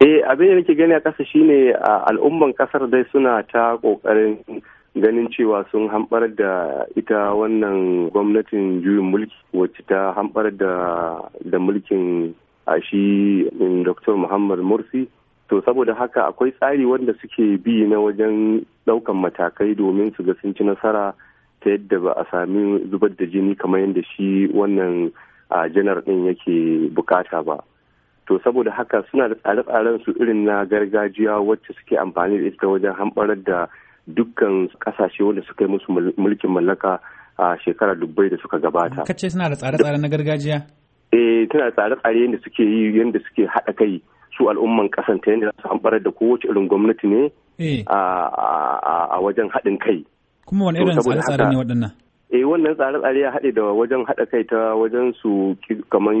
eh abin da nake gani a ƙasa shine al'umman ƙasar dai suna ta ƙoƙarin ganin cewa sun hambar da ita wannan gwamnatin juyin mulki wacce ta hambar da da mulkin a shi mm, dr muhammad morsi to saboda haka akwai tsari wanda suke bi na wajen ɗaukan matakai domin su ga sun ci nasara ta yadda ba a sami zubar da jini kamar yadda shi wannan janar ɗin yake bukata ba to saboda haka suna da tsare-tsaren su irin na gargajiya wacce suke amfani da ita wajen hamɓarar da dukkan kasashe wanda suka yi musu mulkin mallaka a shekara dubbai da suka gabata. Kace suna da tsare-tsare na gargajiya? Eh, tana da tsare-tsare yadda suke yi yadda suke haɗa kai su al'umman ƙasan ta yadda su hamɓarar da kowace irin gwamnati ne eh. a wajen haɗin kai. Kuma wani irin tsare-tsare ne waɗannan? eh wannan tsare-tsare ya haɗe da wajen haɗa kai ta wajen su kamar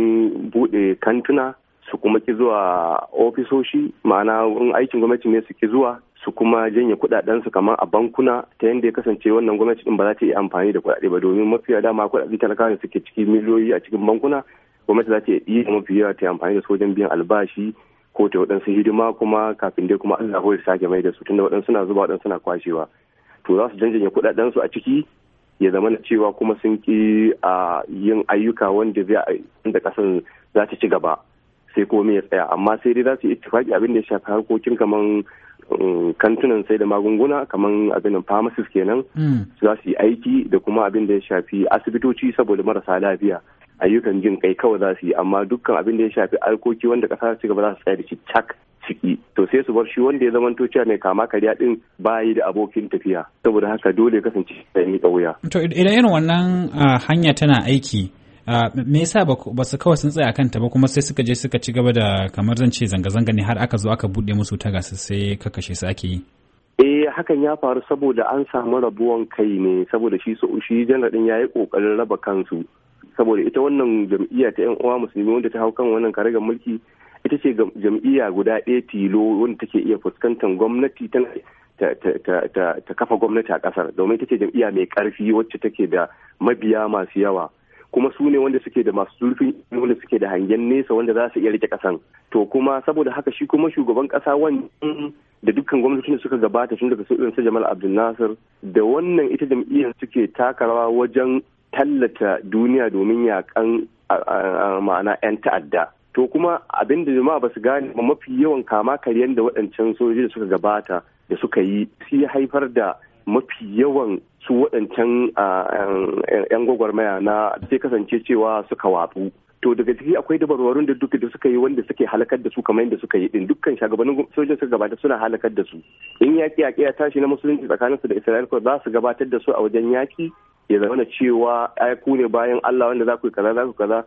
buɗe kantuna su kuma ki zuwa ofisoshi ma'ana in aikin gwamnati ne su ki zuwa su kuma janye kudadensu kamar a bankuna ta yadda ya kasance wannan gwamnati din ba za ta iya amfani da kudade ba domin mafiya dama kudade talakawa ne suke ciki miliyoyi a cikin bankuna gwamnati za ta iya mafi yawa ta amfani da su wajen biyan albashi ko ta waɗansu hidima kuma kafin dai kuma Allah ya sake mai da su tunda waɗansu na zuba waɗansu na kwashewa to za su janye kudaden su a ciki ya zama na cewa kuma sun ki a yin ayyuka wanda zai da kasan za ta ci gaba sai komai ya tsaya amma sai dai za su yi ittifaki abin da ya shafi harkokin kaman um, kantunan sai da magunguna kaman abin pharmacist kenan hmm. za su yi aiki da kuma abin da ya shafi asibitoci saboda marasa lafiya ayyukan jin kai kawai za su yi amma dukkan abin da ya shafi alkoki wanda kasa ci gaba za su tsaya da shi cak ciki to sai su bar shi wanda ya zama cewa mai kama karya din bayi da abokin tafiya saboda haka dole kasance sai miƙa wuya to idan irin wannan ah, hanya tana aiki me yasa ba su kawai sun tsaya kanta ba kuma sai suka je suka ci gaba da kamar zan ce zanga-zanga ne har aka zo aka bude musu ta gasa sai ka kashe su ake yi eh hakan ya faru saboda an samu rabuwan kai ne saboda shi so shi janar din yi kokarin raba kansu saboda ita wannan jam'iyya ta yan uwa musulmi wanda ta hau kan wannan karagar mulki ita ce jam'iyya guda ɗaya tilo wanda take iya fuskantar gwamnati tana ta kafa gwamnati a kasar domin ita ce jam'iyya mai karfi wacce take da mabiya masu yawa kuma su ne wanda suke da masu zurfin wanda suke da hangen nesa wanda za su iya rike kasan to kuma saboda haka shi kuma shugaban kasa wani. da dukkan gwamnatocin da suka gabata tun daga su Jamal Abdul Nasir da wannan ita jam'iyyar suke taka wajen tallata duniya domin yakan ma'ana 'yan ta'adda to kuma abin da jama'a ba su gane mafi yawan kama karyan da waɗancan sojoji da suka gabata da suka yi su haifar da mafi yawan su waɗancan 'yan gwagwarmaya na sai kasance cewa suka watsu to daga ciki akwai dabarwarun da duka da suka yi wanda suke halakar da su kamar yadda suka yi din dukkan shugabannin sojin suka gabata suna halakar da su in yaƙi yaƙi ya tashi na musulunci tsakanin su da isra'il ko za su gabatar da su a wajen yaƙi ya zama na cewa ai ku ne bayan allah wanda za ku yi kaza za ku kaza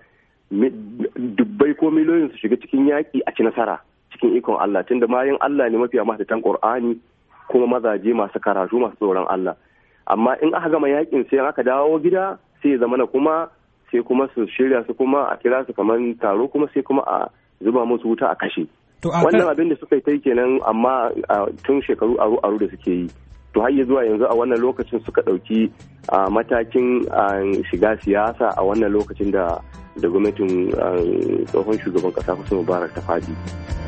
dubbai ko miliyoyin su shiga cikin yaƙi a ci nasara cikin ikon allah tunda bayan allah ne mafiya mahaifitan qur'ani kuma mazaje masu karatu masu tsoron Allah amma in aka gama yakin sai aka dawo gida sai zamana kuma sai kuma su shirya su kuma a kira su kamar taro kuma sai kuma a zuba musu wuta a kashe wannan abin da suka yi ta yi kenan amma tun shekaru aru aru da suke yi to har zuwa yanzu a wannan lokacin suka ɗauki matakin shiga siyasa a wannan lokacin da da gwamnatin tsohon shugaban ƙasa kusa Mubarak ta faɗi.